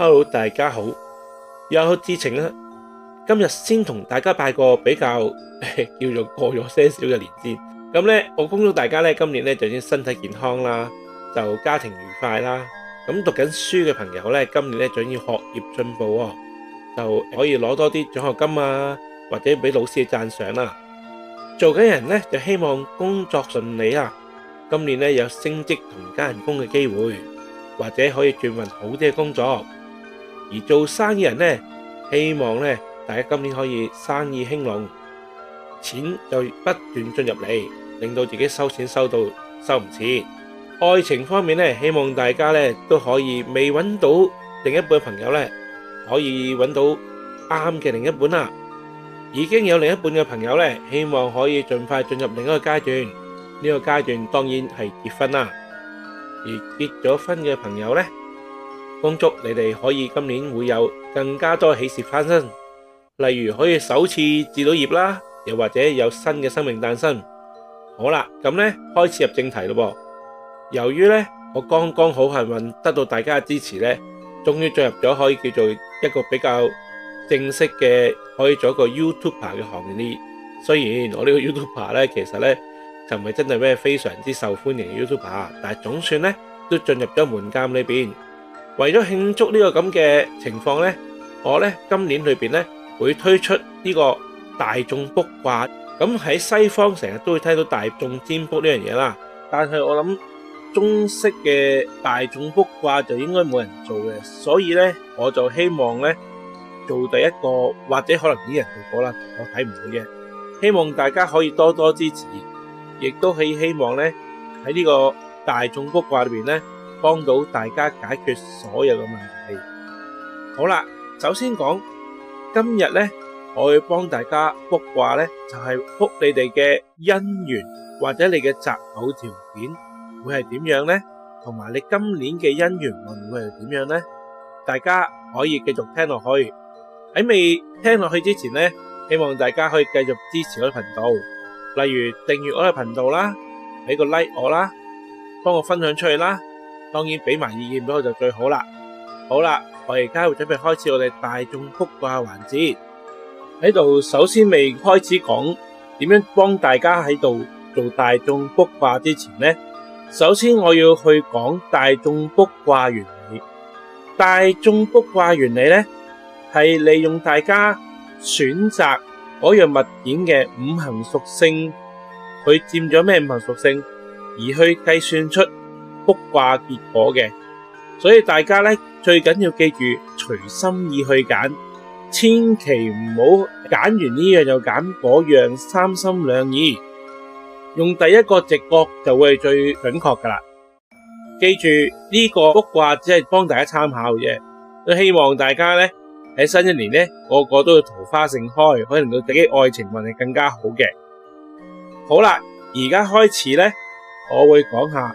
Hello，大家好，有智澄啦。今日先同大家拜個比較呵呵叫做過咗些少嘅年先。咁呢，我恭祝大家呢今年就已經身體健康啦，就家庭愉快啦。咁讀緊書嘅朋友呢，今年呢，最要學業進步哦，就可以攞多啲獎學金啊，或者俾老師嘅讚賞啦。做緊人呢，就希望工作順利啊，今年呢，有升職同加人工嘅機會，或者可以轉運好啲嘅工作。而做生意人呢，希望呢，大家今年可以生意興隆，錢就不斷進入嚟，令到自己收錢收到收唔切。愛情方面呢，希望大家呢都可以未揾到另一半朋友呢，可以揾到啱嘅另一半啦。已經有另一半嘅朋友呢，希望可以盡快進入另一個階段，呢個階段當然係結婚啦。而結咗婚嘅朋友呢。恭祝你哋可以今年會有更加多喜事發生，例如可以首次置到業啦，又或者有新嘅生命誕生。好啦，咁咧開始入正題咯。由於咧我剛剛好幸運得到大家嘅支持咧，終於進入咗可以叫做一個比較正式嘅可以做一個 YouTuber 嘅行列。雖然我呢個 YouTuber 咧其實咧就唔係真係咩非常之受歡迎嘅 YouTuber，但係總算咧都進入咗門檻呢邊。為咗慶祝呢個咁嘅情況咧，我咧今年裏邊咧會推出呢個大眾卜卦。咁喺西方成日都會睇到大眾占卜呢樣嘢啦，但係我諗中式嘅大眾卜卦就應該冇人做嘅，所以咧我就希望咧做第一個，或者可能有人做過啦，我睇唔到嘅。希望大家可以多多支持，亦都希希望咧喺呢個大眾卜卦裏邊咧。幫到大家解決所有嘅問題。好啦，首先講今日咧，我會幫大家卜卦咧，就係卜你哋嘅姻緣或者你嘅擇偶條件會係點樣咧，同埋你今年嘅姻緣運會係點樣咧。大家可以繼續聽落去。喺未聽落去之前咧，希望大家可以繼續支持我嘅頻道，例如訂閱我嘅頻道啦，俾個 like 我啦，幫我分享出去啦。當然俾埋意見俾我就最好啦。好啦，我而家會準備開始我哋大眾卜卦環節喺度。首先未開始講點樣幫大家喺度做大眾卜卦之前呢，首先我要去講大眾卜卦原理。大眾卜卦原理呢係利用大家選擇嗰樣物件嘅五行屬性，佢佔咗咩五行屬性，而去計算出。卜卦結果嘅，所以大家咧，最緊要記住，隨心意去揀，千祈唔好揀完呢樣又揀嗰樣，三心兩意。用第一個直覺就會係最準確噶啦。記住呢個卜卦只係幫大家參考啫，都希望大家咧喺新一年咧，個個都要桃花盛開，可以令到自己愛情運勢更加好嘅。好啦，而家開始咧，我會講下。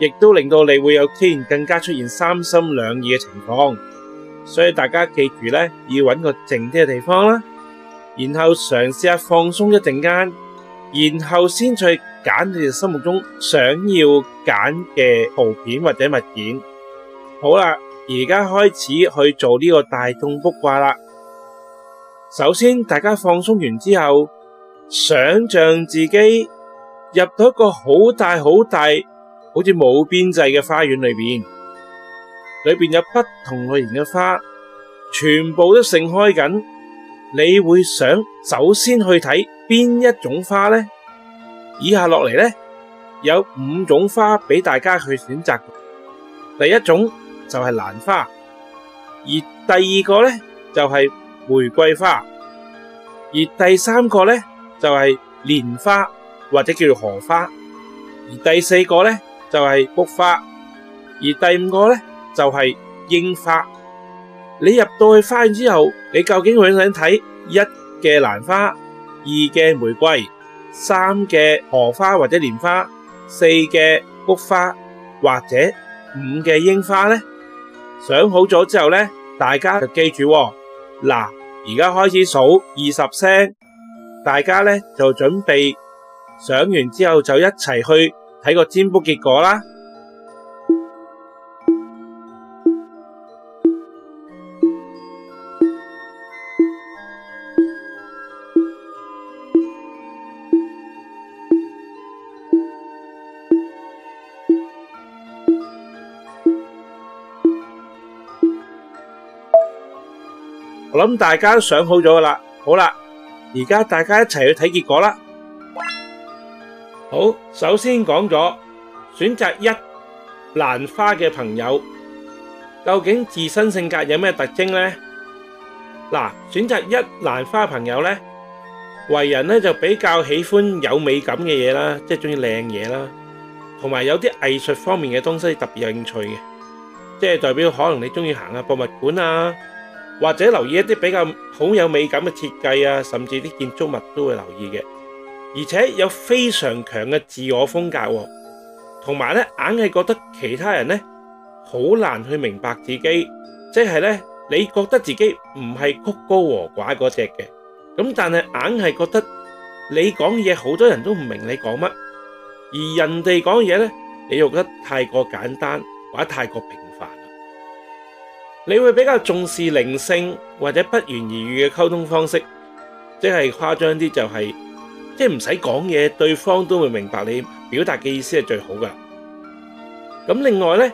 亦都令到你會有天更加出現三心兩意嘅情況，所以大家記住咧，要揾個靜啲嘅地方啦，然後嘗試下放鬆一陣間，然後先去揀你哋心目中想要揀嘅圖片或者物件。好啦，而家開始去做呢個大眾卜卦啦。首先，大家放鬆完之後，想象自己入到一個好大好大。好似冇邊際嘅花園裏邊，裏邊有不同類型嘅花，全部都盛開緊。你會想首先去睇邊一種花呢？以下落嚟，呢有五種花俾大家去選擇。第一種就係蘭花，而第二個呢就係玫瑰花，而第三個呢就係蓮花或者叫做荷花，而第四個呢？就係菊花，而第五個呢就係櫻花。你入到去花園之後，你究竟想唔想睇一嘅蘭花、二嘅玫瑰、三嘅荷花或者蓮花、四嘅菊花或者五嘅櫻花呢？想好咗之後呢，大家就記住喎，嗱，而家開始數二十聲，大家呢就準備想完之後就一齊去。睇個占卜結果啦！我諗大家都想好咗㗎啦，好啦，而家大家一齊去睇結果啦！好，首先講咗選擇一蘭花嘅朋友，究竟自身性格有咩特徵呢？嗱，選擇一蘭花朋友咧，為人咧就比較喜歡有美感嘅嘢啦，即係中意靚嘢啦，同埋有啲藝術方面嘅東西特別有興趣嘅，即係代表可能你中意行下博物館啊，或者留意一啲比較好有美感嘅設計啊，甚至啲建築物都會留意嘅。而且有非常強嘅自我風格喎，同埋呢，硬係覺得其他人呢，好難去明白自己，即係呢，你覺得自己唔係曲高和寡嗰隻嘅，咁但係硬係覺得你講嘢好多人都唔明你講乜，而人哋講嘢呢，你又覺得太過簡單或者太過平凡。你會比較重視靈性或者不言而喻嘅溝通方式，即係誇張啲就係。即係唔使講嘢，對方都會明白你表達嘅意思係最好噶。咁另外呢，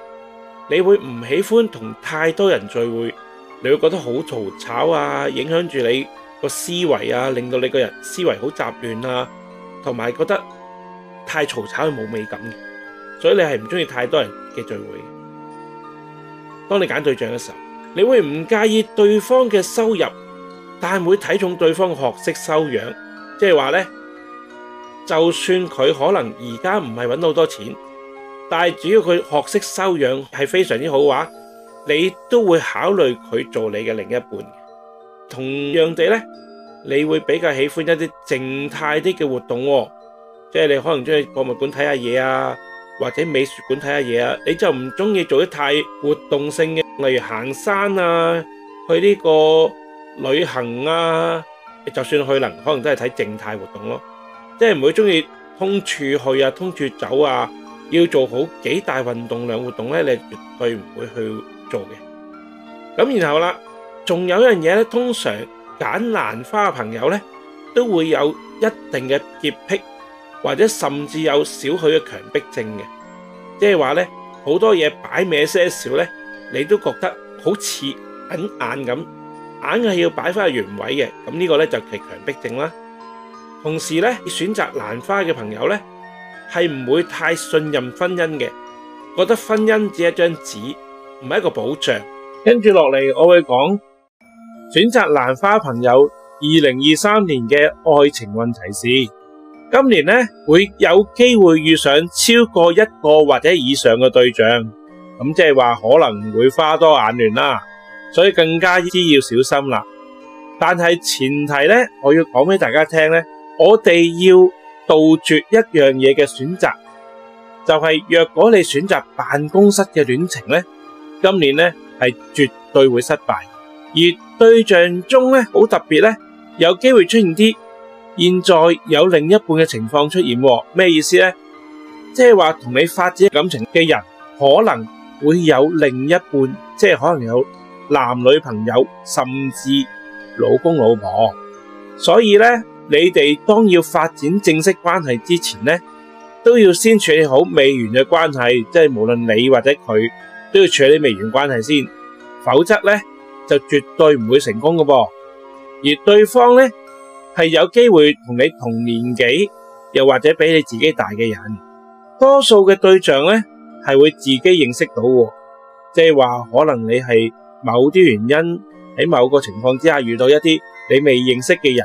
你會唔喜歡同太多人聚會，你會覺得好嘈吵啊，影響住你個思維啊，令到你個人思維好雜亂啊，同埋覺得太嘈吵係冇美感嘅，所以你係唔中意太多人嘅聚會的。當你揀對象嘅時候，你會唔介意對方嘅收入，但係會睇重對方的學識修養，即係話呢。就算佢可能而家唔係揾到好多錢，但係主要佢學識修養係非常之好嘅話，你都會考慮佢做你嘅另一半。同樣地呢，你會比較喜歡一啲靜態啲嘅活動，即係你可能中意博物館睇下嘢啊，或者美術館睇下嘢啊，你就唔中意做啲太活動性嘅，例如行山啊，去呢個旅行啊，就算去能，可能都係睇靜態活動咯。即係唔會中意通處去啊，通處走啊，要做好幾大運動量活動咧，你絕對唔會去做嘅。咁然後啦，仲有一樣嘢咧，通常揀蘭花嘅朋友咧，都會有一定嘅潔癖，或者甚至有少許嘅強迫症嘅，即係話咧，好多嘢擺歪些少咧，你都覺得好似好硬咁，硬係要擺翻去原位嘅。咁呢個咧就係強迫症啦。同時咧，選擇蘭花嘅朋友咧係唔會太信任婚姻嘅，覺得婚姻只係一張紙，唔係一個保障。跟住落嚟，我會講選擇蘭花朋友二零二三年嘅愛情運提示。今年咧會有機會遇上超過一個或者以上嘅對象，咁即係話可能會花多眼亂啦，所以更加之要小心啦。但係前提咧，我要講俾大家聽咧。我哋要杜絕一樣嘢嘅選擇，就係若果你選擇辦公室嘅戀情咧，今年咧係絕對會失敗。而對象中咧好特別咧，有機會出現啲現在有另一半嘅情況出現，咩意思咧？即係話同你發展感情嘅人可能會有另一半，即係可能有男女朋友，甚至老公老婆，所以咧。你哋當要發展正式關係之前呢，都要先處理好未完嘅關係，即係無論你或者佢都要處理未完關係先，否則呢就絕對唔會成功㗎噉，而對方呢係有機會同你同年紀，又或者比你自己大嘅人，多數嘅對象呢係會自己認識到，即係話可能你係某啲原因喺某個情況之下遇到一啲你未認識嘅人。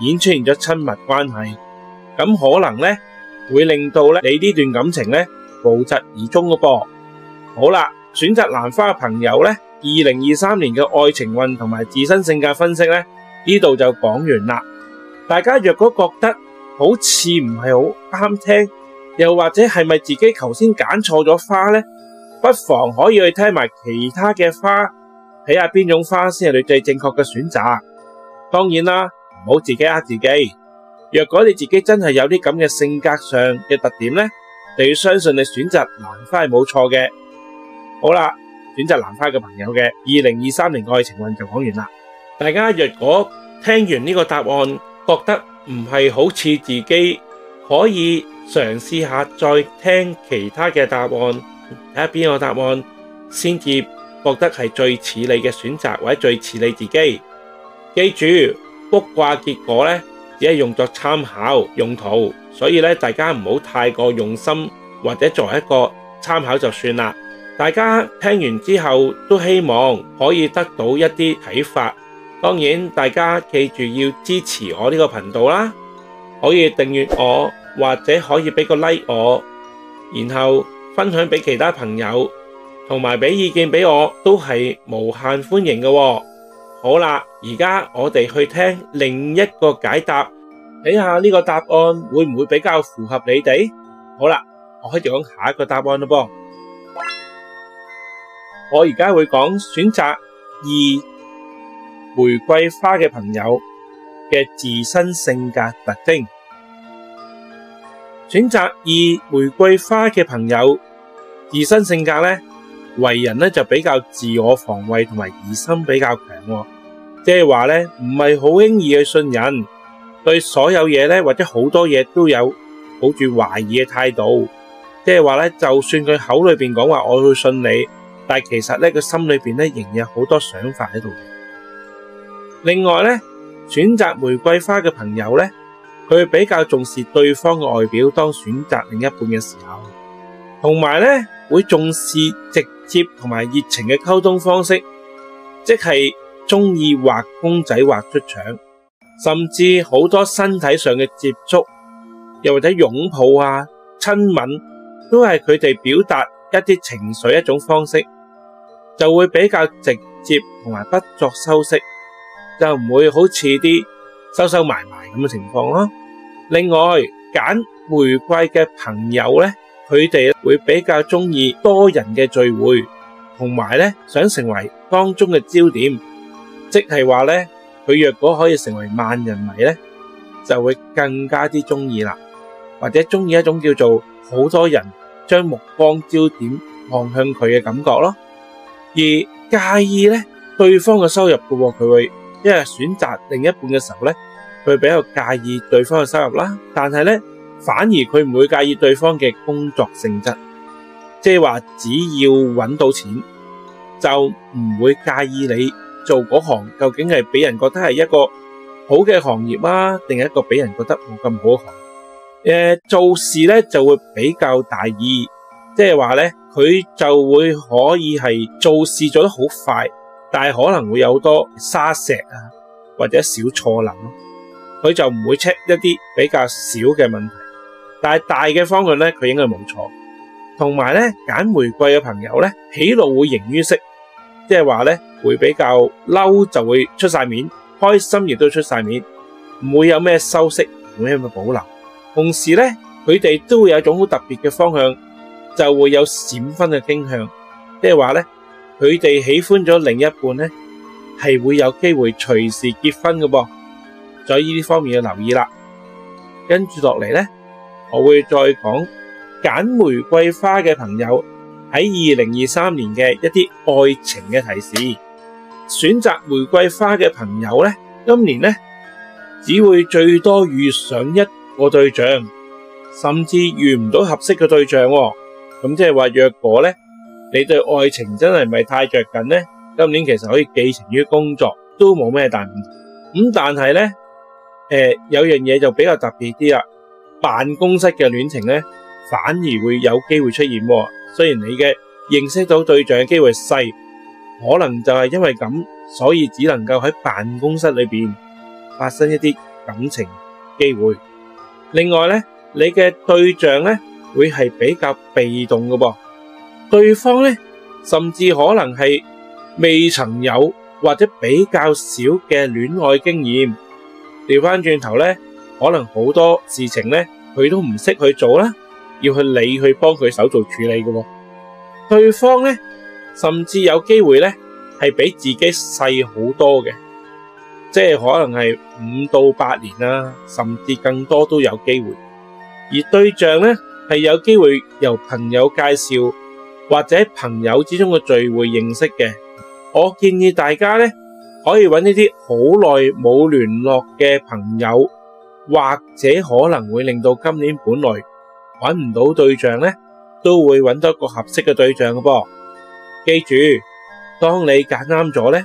已經出現咗親密關係，咁可能呢會令到呢你呢段感情呢無疾而終嘅噃。好啦，選擇蘭花嘅朋友呢，二零二三年嘅愛情運同埋自身性格分析呢呢度就講完啦。大家若果覺得好似唔係好啱聽，又或者係咪自己頭先揀錯咗花呢，不妨可以去聽埋其他嘅花，睇下邊種花先係你最正確嘅選擇。當然啦。唔好自己呃自己。若果你自己真係有啲咁嘅性格上嘅特點咧，就要相信你選擇蘭花係冇錯嘅。好啦，選擇蘭花嘅朋友嘅二零二三年愛情運就講完啦。大家若果聽完呢個答案覺得唔係好似自己，可以嘗試下再聽其他嘅答案，睇下邊個答案先至覺得係最似你嘅選擇或者最似你自己。記住。卜卦結果呢，只係用作參考用途，所以呢，大家唔好太過用心，或者作為一個參考就算啦。大家聽完之後都希望可以得到一啲啟發，當然大家記住要支持我呢個頻道啦，可以訂閱我，或者可以俾個 like 我，然後分享畀其他朋友，同埋畀意見畀我都係無限歡迎喎、哦。好啦，而家我哋去聽另一個解答，睇下呢個答案會唔會比較符合你哋。好啦，我開始講下一個答案咯噃。我而家會講選擇二玫瑰花嘅朋友嘅自身性格特徵。選擇二玫瑰花嘅朋友自身性格呢。為人呢，就比較自我防衛同埋疑心比較強，即係話呢，唔係好輕易去信任，對所有嘢呢，或者好多嘢都有抱住懷疑嘅態度，即係話呢，就算佢口裏邊講話我會信你，但其實呢，佢心裏邊呢，仍有好多想法喺度嘅。另外呢，選擇玫瑰花嘅朋友呢，佢比較重視對方嘅外表，當選擇另一半嘅時候，同埋呢，會重視直接同埋熱情嘅溝通方式，即係鍾意畫公仔畫出腸，甚至好多身體上嘅接觸，又或者擁抱啊親吻，都係佢哋表達一啲情緒一種方式，就會比較直接同埋不作修飾，就唔會好似啲收收埋埋咁嘅情況咯。另外揀玫瑰嘅朋友咧。佢哋會比較鍾意多人嘅聚會，同埋咧想成為當中嘅焦點，即係話咧，佢若果可以成為萬人迷咧，就會更加啲鍾意啦，或者鍾意一種叫做好多人將目光焦點望向佢嘅感覺咯。而介意咧對方嘅收入嘅，佢會因為選擇另一半嘅時候咧，佢比較介意對方嘅收入啦，但係咧。反而佢唔會介意對方嘅工作性質，即係話只要搵到錢就唔會介意你做嗰行究竟係俾人覺得係一個好嘅行業啊，定係一個俾人覺得冇咁好嘅誒、呃，做事咧就會比較大意，即係話咧佢就會可以係做事做得好快，但係可能會有多沙石啊，或者小錯漏咯，佢就唔會 check 一啲比較少嘅問題。但是大嘅方向呢，佢應該冇錯。同埋呢，揀玫瑰嘅朋友呢，喜怒會形於色，即係話呢，會比較嬲就會出晒面，開心亦都出晒面，唔會有咩修飾，不會有咩保留。同時呢，佢哋都會有一種好特別嘅方向，就會有閃婚嘅傾向，即係話呢，佢哋喜歡咗另一半呢，係會有機會隨時結婚嘅噃，在呢啲方面要留意啦。跟住落嚟呢。我會再講，揀玫瑰花嘅朋友喺二零二三年嘅一啲愛情嘅提示。選擇玫瑰花嘅朋友呢，今年呢，只會最多遇上一個對象，甚至遇唔到合適嘅對象，哦。咁即係話，若果呢，你對愛情真係唔係太着緊呢，今年其實可以寄情於工作，都冇咩大唔同。咁但係呢，呃，有樣嘢就比較特別啲啦。辦公室嘅戀情咧，反而會有機會出現喎。雖然你嘅認識到對象嘅機會細，可能就係因為咁，所以只能夠喺辦公室裏邊發生一啲感情機會。另外咧，你嘅對象咧會係比較被動嘅噃，對方咧甚至可能係未曾有或者比較少嘅戀愛經驗。調翻轉頭咧。可能好多事情呢，佢都唔識去做啦，要去你去幫佢手做處理嘅。對方呢，甚至有機會呢，係比自己細好多嘅，即係可能係五到八年啦，甚至更多都有機會。而對象呢，係有機會由朋友介紹或者朋友之中嘅聚會認識嘅。我建議大家呢，可以搵呢啲好耐冇聯絡嘅朋友。或者可能會令到今年本來揾唔到對象呢，都會揾到一個合適嘅對象嘅。噃，記住，當你揀啱咗呢，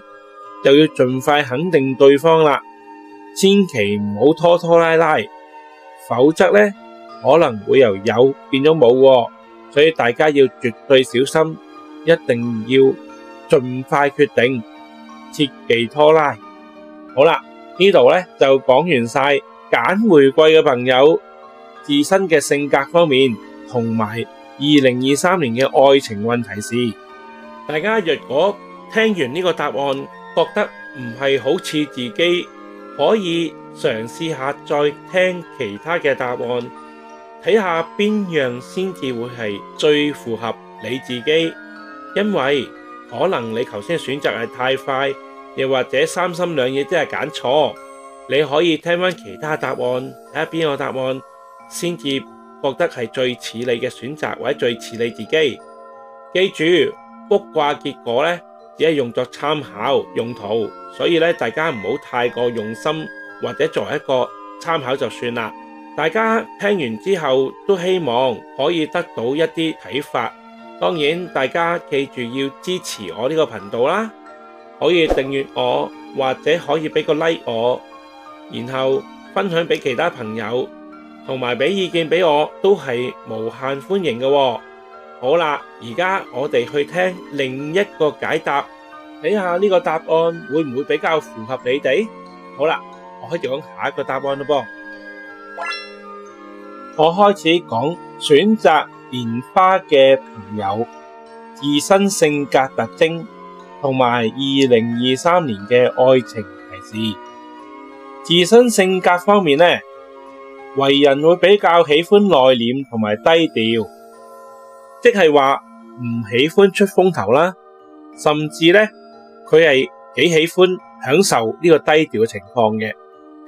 就要盡快肯定對方啦，千祈唔好拖拖拉拉，否則呢，可能會由有變咗冇，所以大家要絕對小心，一定要盡快決定，切忌拖拉。好啦，呢度呢就講完晒。揀回歸嘅朋友，自身嘅性格方面同埋二零二三年嘅愛情運提示，大家若果聽完呢個答案覺得唔係好似自己，可以嘗試一下再聽其他嘅答案，睇下邊樣，先至會係最符合你自己，因為可能你頭先選擇係太快，又或者三心兩意，即係揀錯。你可以聽返其他答案，睇下邊個答案先至覺得係最似你嘅選擇，或者最似你自己。記住卜卦結果呢，只係用作參考用途，所以呢，大家唔好太過用心，或者作為一個參考就算啦。大家聽完之後都希望可以得到一啲啟發。當然，大家記住要支持我呢個頻道啦，可以訂閱我，或者可以畀個 like 我。然後分享俾其他朋友，同埋俾意見俾我，都係無限歡迎㗎喎。好啦，而家我哋去聽另一個解答，睇下呢個答案會唔會比較符合你哋？好啦，我開始講下一個答案咯。我開始講選擇蓮花嘅朋友自身性格特徵同埋二零二三年嘅愛情提示。自身性格方面咧，為人會比較喜歡內斂同埋低調，即係話唔喜歡出風頭啦。甚至咧，佢係幾喜歡享受呢個低調嘅情況嘅，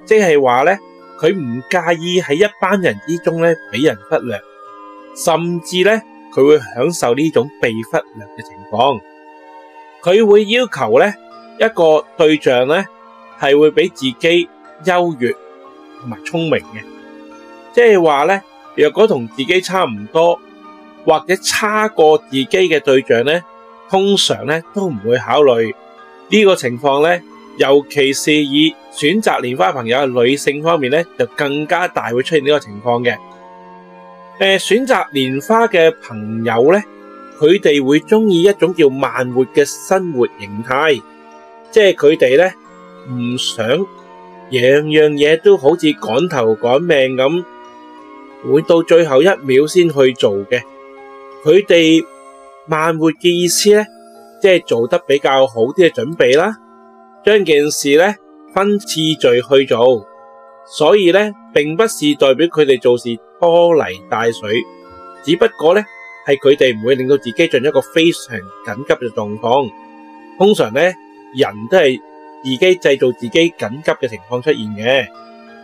即係話咧，佢唔介意喺一班人之中咧俾人忽略，甚至咧佢會享受呢種被忽略嘅情況。佢會要求咧一個對象咧係會俾自己優越同埋聰明嘅，即係話咧，若果同自己差唔多，或者差過自己嘅對象咧，通常咧都唔會考慮呢個情況咧。尤其是以選擇蓮花朋友嘅女性方面咧，就更加大會出現呢個情況嘅。誒，選擇蓮花嘅朋友咧，佢哋會中意一種叫慢活嘅生活形態，即係佢哋咧唔想。樣樣嘢都好似趕頭趕命咁，會到最後一秒先去做嘅。佢哋慢活嘅意思咧，即係做得比較好啲嘅準備啦，將件事咧分次序去做。所以咧，並不是代表佢哋做事拖泥帶水，只不過咧係佢哋唔會令到自己進入一個非常緊急嘅狀況。通常咧，人都係。自己製造自己緊急嘅情況出現嘅。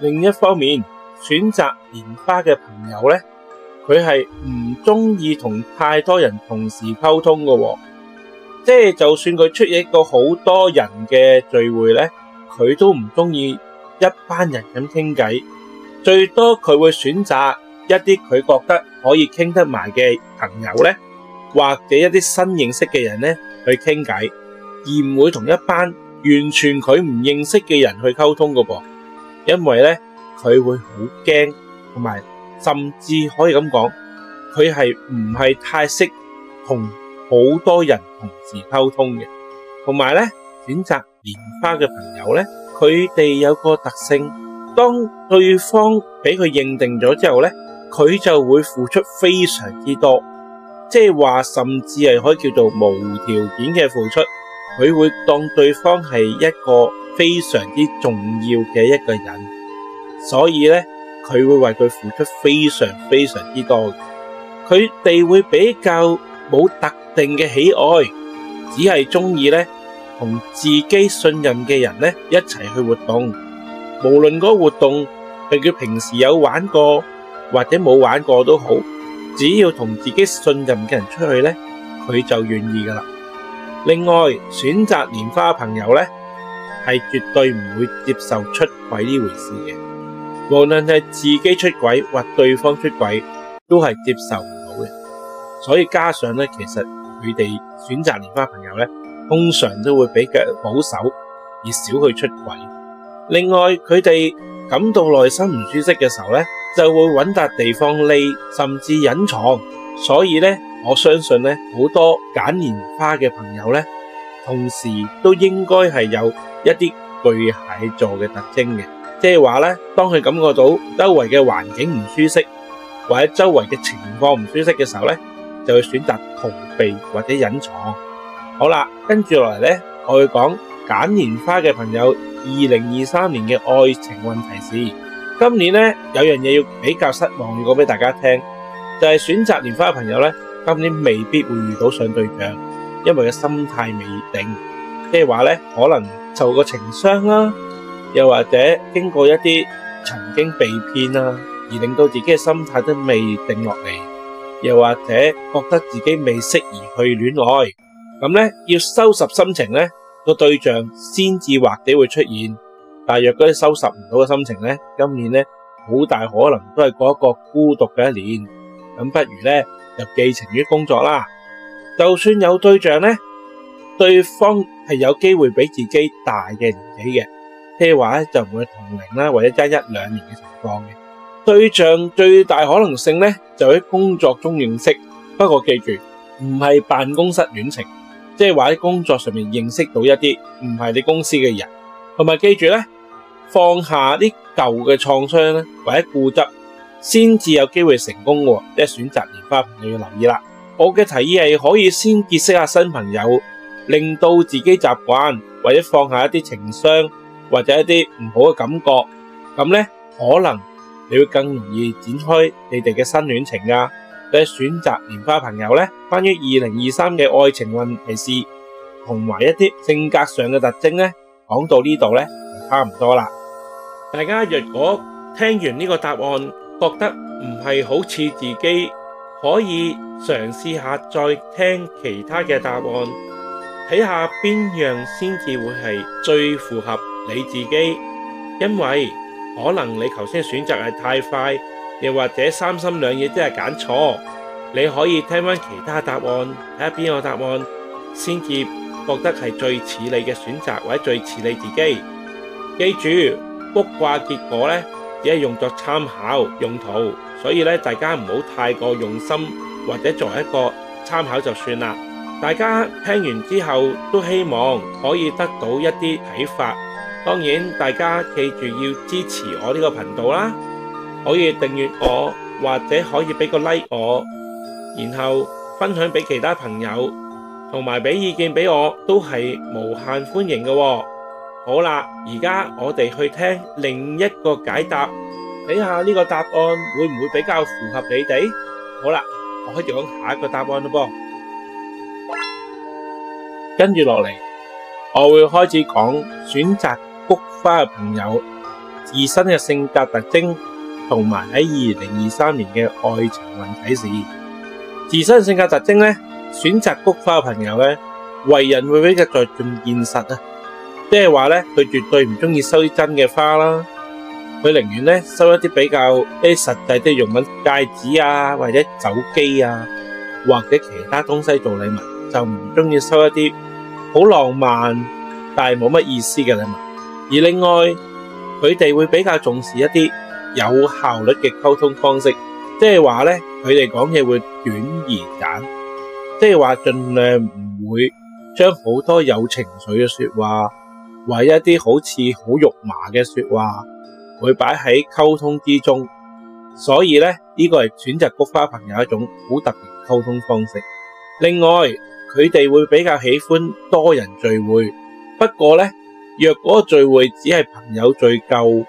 另一方面，選擇連巴嘅朋友呢，佢係唔鍾意同太多人同時溝通嘅喎。即係就算佢出席過好多人嘅聚會呢，佢都唔鍾意一班人咁傾偈。最多佢會選擇一啲佢覺得可以傾得埋嘅朋友呢，或者一啲新認識嘅人呢去傾偈，而唔會同一班完全佢唔認識嘅人去溝通嘅噃，因為咧佢會好驚，同埋甚至可以咁講，佢係唔係太識同好多人同時溝通嘅，同埋咧選擇蓮花嘅朋友咧，佢哋有個特性，當對方俾佢認定咗之後咧，佢就會付出非常之多，即係話甚至係可以叫做無條件嘅付出。佢會當對方係一個非常之重要嘅一個人，所以咧佢會為佢付出非常非常之多。佢哋會比較冇特定嘅喜愛，只係中意咧同自己信任嘅人咧一齊去活動。無論個活動係佢平時有玩過或者冇玩過都好，只要同自己信任嘅人出去咧，佢就願意噶啦。另外，選擇蓮花朋友咧，係絕對唔會接受出軌呢回事嘅。無論係自己出軌或對方出軌，都係接受唔到嘅。所以加上咧，其實佢哋選擇蓮花朋友咧，通常都會比較保守，而少去出軌。另外，佢哋感到內心唔舒適嘅時候咧，就會搵笪地方匿，甚至隱藏。所以咧。我相信呢，好多揀蓮花嘅朋友呢，同時都應該係有一啲巨蟹座嘅特徵嘅，即係話呢，當佢感覺到周圍嘅環境唔舒適，或者周圍嘅情況唔舒適嘅時候呢，就會選擇逃避或者隱藏。好啦，跟住落嚟呢，我會講揀蓮花嘅朋友二零二三年嘅愛情問題。今年呢，有樣嘢要比較失望，要講俾大家聽，就係選擇蓮花嘅朋友呢。今年未必會遇到上對象，因為嘅心態未定，即係話咧，可能受過情傷啦，又或者經過一啲曾經被騙啊，而令到自己嘅心態都未定落嚟，又或者覺得自己未適宜去戀愛，咁咧要收拾心情咧，個對象先至或者會出現。但係若果收拾唔到嘅心情咧，今年咧好大可能都係過一個孤獨嘅一年。咁不如咧，就寄情於工作啦，就算有對象咧，對方係有機會比自己大嘅年紀嘅，譬如話咧就唔會同齡啦，或者差一兩年嘅情況嘅。對象最大可能性咧就喺工作中認識，不過記住唔係辦公室戀情，即係話喺工作上面認識到一啲唔係你公司嘅人，同埋記住咧，放下啲舊嘅創傷咧，或者固執。先至有機會成功嘅，即係選擇蓮花朋友要留意啦。我嘅提議係可以先結識下新朋友，令到自己習慣，或者放下一啲情傷或者一啲唔好嘅感覺。咁咧，可能你會更容易展開你哋嘅新戀情噶。即係選擇蓮花朋友咧，關於二零二三嘅愛情運勢同埋一啲性格上嘅特徵咧，講到呢度咧差唔多啦。大家如果聽完呢個答案。覺得唔係好似自己，可以嘗試下再聽其他嘅答案，睇下邊樣先至會係最符合你自己。因為可能你頭先選擇係太快，又或者三心兩意，真係揀錯。你可以聽返其他答案，睇下邊個答案先至覺得係最似你嘅選擇，或者最似你自己。記住，卜卦結果呢，只係用作參考用途，所以呢，大家唔好太過用心，或者作一個參考就算啦。大家聽完之後都希望可以得到一啲啟發，當然大家記住要支持我呢個頻道啦，可以訂閱我，或者可以畀個 like 我，然後分享畀其他朋友，同埋畀意見畀我都係無限歡迎喎。好啦，而家我哋去聽另一個解答，睇下呢個答案會唔會比較符合你哋？好啦，我開始講下一個答案咯噃。跟住落嚟，我會開始講選擇菊花嘅朋友自身嘅性格特徵，同埋喺二零二三年嘅愛情運勢。自身性格特徵呢，選擇菊花嘅朋友呢，為人會比較著重現實啊。即係話咧，佢絕對唔中意收啲真嘅花啦，佢寧願咧收一啲比較一啲實際啲用品，戒指啊或者手機啊或者其他東西做禮物，就唔中意收一啲好浪漫但係冇乜意思嘅禮物。而另外佢哋會比較重視一啲有效率嘅溝通方式，即係話咧佢哋講嘢會短而簡，即係話盡量唔會將好多有情緒嘅説話。為一啲好似好肉麻嘅說話，會擺喺溝通之中，所以咧呢個係選擇菊花朋友一種好特別溝通方式。另外，佢哋會比較喜歡多人聚會，不過咧若果聚會只係朋友聚舊，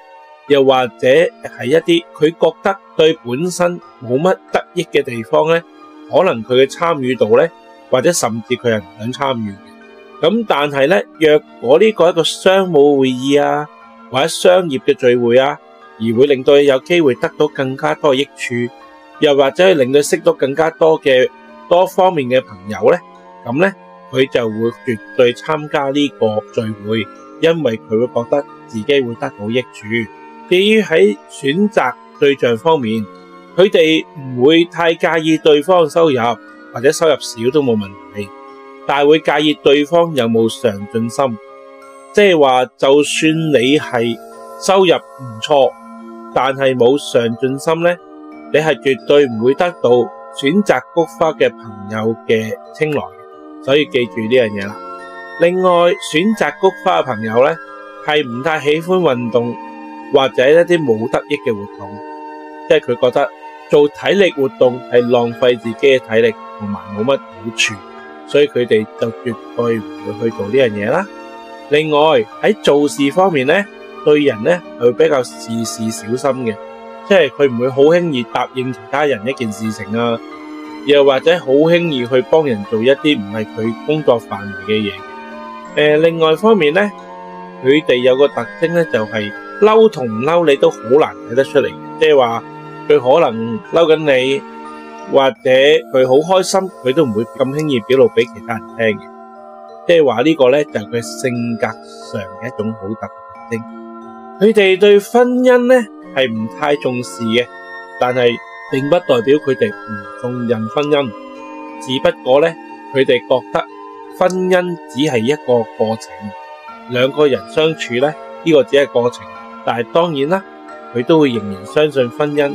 又或者係一啲佢覺得對本身冇乜得益嘅地方咧，可能佢嘅參與度咧，或者甚至佢係唔想參與。咁但係咧，若果呢個一個商務會議啊，或者商業嘅聚會啊，而會令到你有機會得到更加多益處，又或者係令到識到更加多嘅多方面嘅朋友咧，咁咧佢就會絕對參加呢個聚會，因為佢會覺得自己會得到益處。譬如喺選擇對象方面，佢哋唔會太介意對方收入，或者收入少都冇問題。但係會介意對方有冇上進心，即係話就算你係收入唔錯，但係冇上進心呢，你係絕對唔會得到選擇菊花嘅朋友嘅青睞。所以記住呢樣嘢啦。另外，選擇菊花嘅朋友呢係唔太喜歡運動或者一啲冇得益嘅活動，即係佢覺得做體力活動係浪費自己嘅體力同埋冇乜好處。所以佢哋就絕對唔會去做呢樣嘢啦。另外喺做事方面呢，對人呢係比較事事小心嘅，即係佢唔會好輕易答應其他人一件事情啊，又或者好輕易去幫人做一啲唔係佢工作範圍嘅嘢。呃，另外方面呢，佢哋有個特徵呢，就係嬲同唔嬲你都好難睇得出嚟，即係話佢可能嬲緊你，或者佢好開心，佢都唔會咁輕易表露俾其他人聽嘅，即係話呢個咧就係佢性格上嘅一種好特別特徵。佢哋對婚姻咧係唔太重視嘅，但係並不代表佢哋唔重認婚姻，只不過咧佢哋覺得婚姻只係一個過程，兩個人相處咧呢個只係個過程，但係當然啦，佢都會仍然相信婚姻。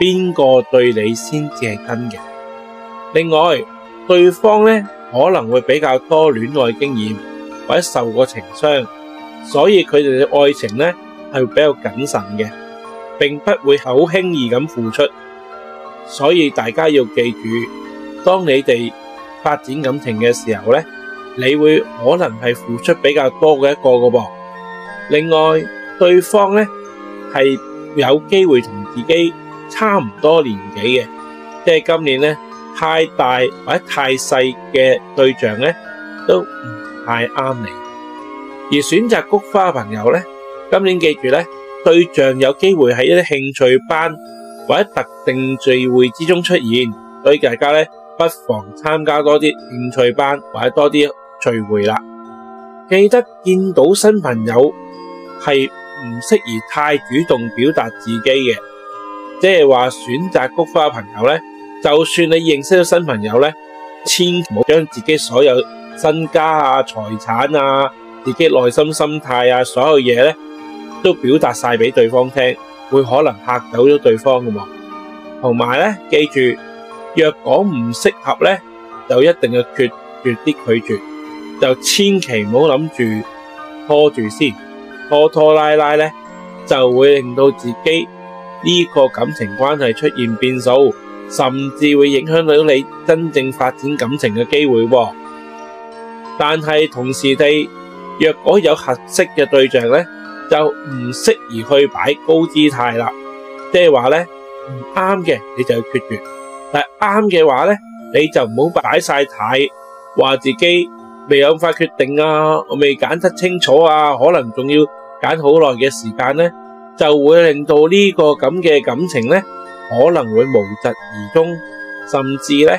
邊個對你先至係真嘅？另外，對方咧可能會比較多戀愛經驗，或者受過情傷，所以佢哋嘅愛情咧係會比較謹慎嘅，並不會好輕易咁付出。所以大家要記住，當你哋發展感情嘅時候咧，你會可能係付出比較多嘅一個嘅噃。另外，對方咧係有機會同自己。差唔多年紀嘅，即係今年咧，太大或者太細嘅對象咧都唔太啱你。而選擇菊花朋友咧，今年記住咧，對象有機會喺一啲興趣班或者特定聚會之中出現，所以大家咧不妨參加多啲興趣班或者多啲聚會啦。記得見到新朋友係唔適宜太主動表達自己嘅。即係話選擇菊花朋友咧，就算你認識咗新朋友咧，千祈唔好將自己所有身家啊、財產啊、自己內心心態啊、所有嘢咧，都表達晒俾對方聽，會可能嚇走咗對方㗎嘛。同埋咧，記住，若講唔適合咧，就一定要決絕啲拒絕，就千祈唔好諗住拖住先，拖拖拉拉咧，就會令到自己。呢個感情關係出現變數，甚至會影響到你真正發展感情嘅機會。但係同時地，若果有合適嘅對象咧，就唔適宜去擺高姿態啦。即係話咧，唔啱嘅你就要決絕，但係啱嘅話咧，你就唔好擺晒態，話自己未有法決定啊，我未揀得清楚啊，可能仲要揀好耐嘅時間咧。就會令到呢個咁嘅感情呢，可能會無疾而終，甚至呢，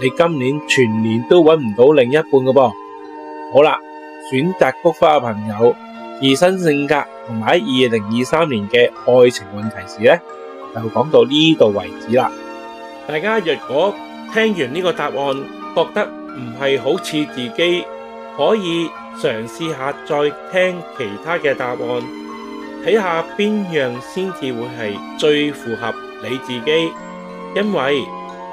你今年全年都搵唔到另一半㗎噃。好啦，選擇菊花嘅朋友，自身性格同埋二零二三年嘅愛情問題時呢，就講到呢度為止啦。大家若果聽完呢個答案，覺得唔係好似自己，可以嘗試下再聽其他嘅答案。睇下邊樣先至會係最符合你自己，因為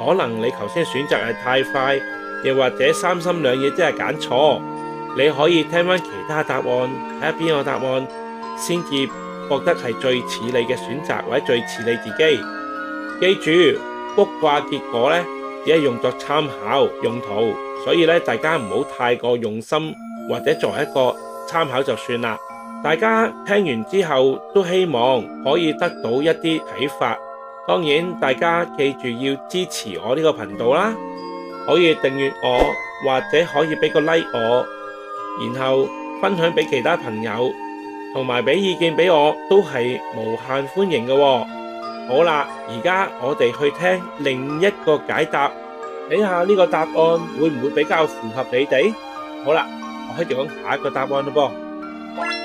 可能你頭先選擇係太快，又或者三心兩意即係揀錯。你可以聽翻其他答案，睇下邊個答案先至覺得係最似你嘅選擇或者最似你自己。記住卜卦結果咧，只係用作參考用途，所以咧，大家唔好太過用心，或者作為一個參考就算啦。大家聽完之後都希望可以得到一啲睇法，當然大家記住要支持我呢個頻道啦，可以訂閱我，或者可以俾個 like 我，然後分享俾其他朋友，同埋俾意見俾我都係無限歡迎嘅。好啦，而家我哋去聽另一個解答，睇下呢個答案會唔會比較符合你哋？好啦，我喺度講下一個答案咯噃。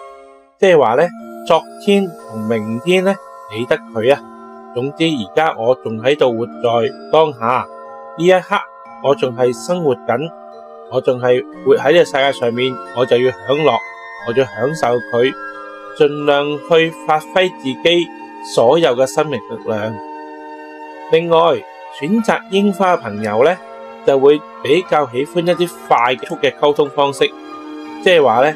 即係話咧，昨天同明天咧，理得佢啊。總之而家我仲喺度活在當下呢一刻，我仲係生活緊，我仲係活喺呢個世界上面，我就要享樂，我就要享受佢，盡量去發揮自己所有嘅生命力量。另外，選擇櫻花嘅朋友咧，就會比較喜歡一啲快速嘅溝通方式，即係話咧。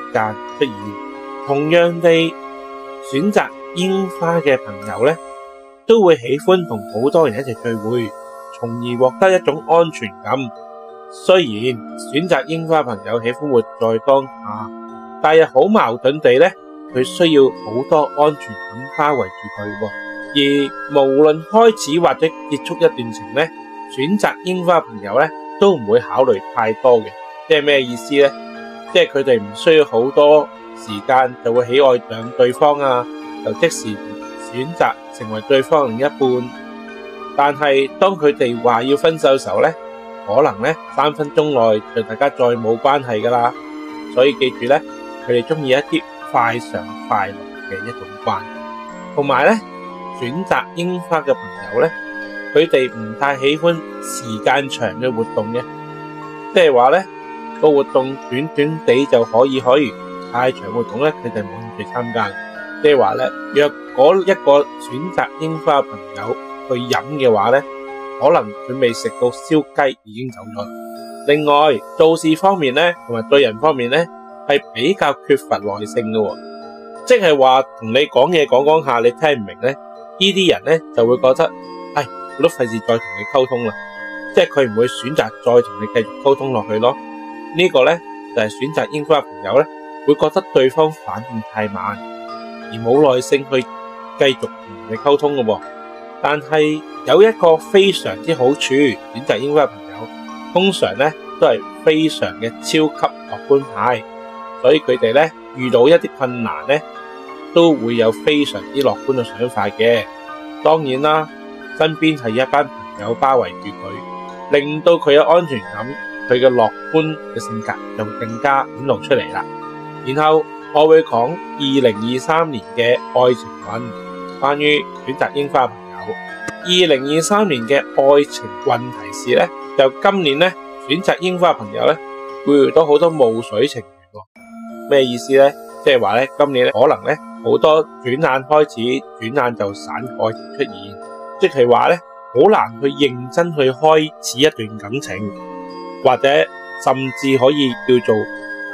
出現同樣地選擇櫻花嘅朋友咧，都會喜歡同好多人一齊聚會，從而獲得一種安全感。雖然選擇櫻花朋友喜歡活在當下，但係好矛盾地咧，佢需要好多安全感包圍住佢。而無論開始或者結束一段情咧，選擇櫻花朋友咧都唔會考慮太多嘅，即係咩意思咧？即係佢哋唔需要好多時間就會喜愛上對方啊，就即時選擇成為對方另一半。但係當佢哋話要分手嘅時候咧，可能咧三分鐘內就大家再冇關係㗎喇。所以記住咧，佢哋中意一啲快上快落嘅一種關係。同埋咧，選擇櫻花嘅朋友咧，佢哋唔太喜歡時間長嘅活動嘅，即係話咧。個活動短短地就可以去，太長活動咧佢哋冇興趣參加。即係話咧，若果一個選擇櫻花朋友去飲嘅話咧，可能佢未食到燒雞已經走咗。另外做事方面咧，同埋對人方面咧係比較缺乏耐性嘅，即係話同你講嘢講講下你聽唔明咧，呢啲人咧就會覺得，唉，我都費事再同你溝通啦，即係佢唔會選擇再同你繼續溝通落去咯。呢、這個呢，就是選擇英國嘅朋友呢，會覺得對方反應太慢，而冇耐性去繼續同佢溝通嘅。但是有一個非常之好處，選擇英國嘅朋友通常呢都是非常嘅超級樂觀派，所以佢哋呢遇到一啲困難呢，都會有非常之樂觀嘅想法嘅。當然啦，身邊是一班朋友包圍住佢，令到佢有安全感。佢嘅樂觀嘅性格就更加顯露出嚟啦。然後我會講二零二三年嘅愛情運，關於選擇櫻花朋友。二零二三年嘅愛情運提示呢，就今年呢，選擇櫻花朋友呢，會遇到好多露水情緣。咩意思呢？即係話呢，今年呢可能呢，好多轉眼開始，轉眼就散嘅愛情出現，即係話呢，好難去認真去開始一段感情。或者甚至可以叫做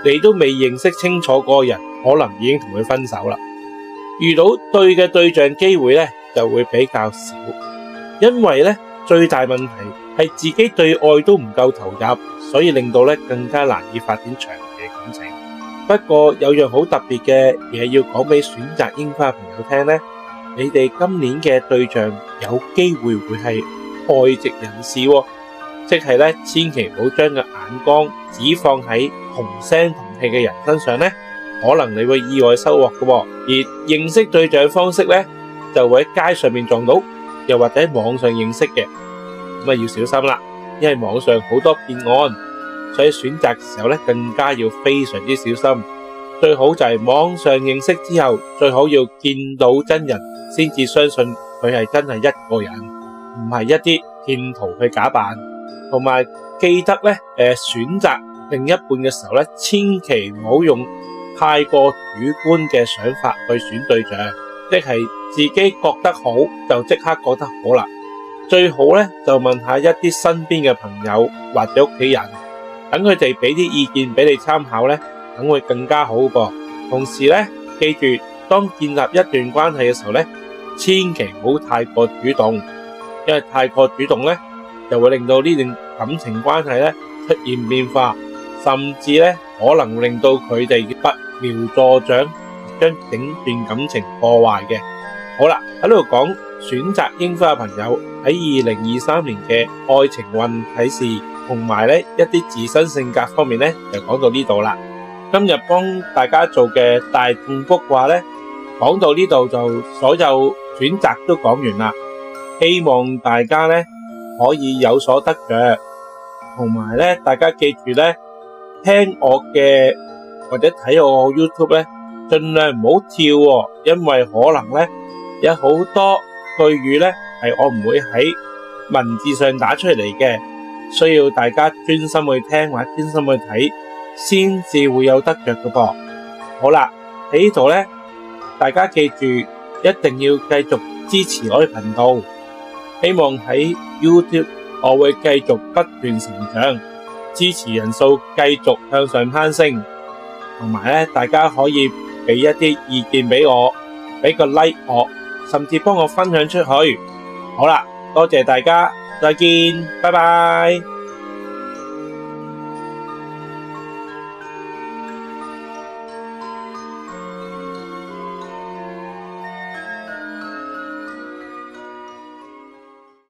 你都未認識清楚嗰個人，可能已經同佢分手啦。遇到對嘅對象機會咧就會比較少，因為咧最大問題係自己對愛都唔夠投入，所以令到咧更加難以發展長期嘅感情。不過有樣好特別嘅嘢要講俾選擇櫻花嘅朋友聽咧，你哋今年嘅對象有機會會係外籍人士喎。即係千祈唔好將個眼光只放喺同聲同氣嘅人身上呢，可能你會意外收穫㗎喎。而認識對象方式呢，就會喺街上面撞到，又或者喺網上認識嘅，咁啊要小心啦，因為網上好多騙案，所以選擇嘅時候呢更加要非常之小心。最好就係網上認識之後，最好要見到真人先至相信佢係真係一個人，唔係一啲騙徒去假扮。同埋記得咧，誒選擇另一半嘅時候咧，千祈唔好用太過主觀嘅想法去選對象，即係自己覺得好就即刻覺得好啦。最好咧就問下一啲身邊嘅朋友或者屋企人，等佢哋俾啲意見俾你參考咧，等會更加好噃。同時咧，記住當建立一段關係嘅時候咧，千祈唔好太過主動，因為太過主動咧。就會令到呢段感情關係咧出現變化，甚至咧可能令到佢哋拔苗助長，將整段感情破壞嘅。好啦，喺呢度講選擇五嘅朋友喺二零二三年嘅愛情運提示，同埋咧一啲自身性格方面咧就講到呢度啦。今日幫大家做嘅大眾卜卦咧，講到呢度就所有選擇都講完啦。希望大家咧～可以有所得着。同埋咧，大家記住咧，聽我嘅或者睇我 YouTube 咧，盡量唔好跳喎，因為可能咧有好多對語咧係我唔會喺文字上打出嚟嘅，需要大家專心去聽或者專心去睇，先至會有得着嘅噃。好啦，喺呢度咧，大家記住一定要繼續支持我啲頻道。希望喺 YouTube 我會繼續不斷成長，支持人數繼續向上攀升，同埋呢大家可以俾一啲意見俾我，俾個 like 我，甚至幫我分享出去。好啦，多謝大家，再見，拜拜。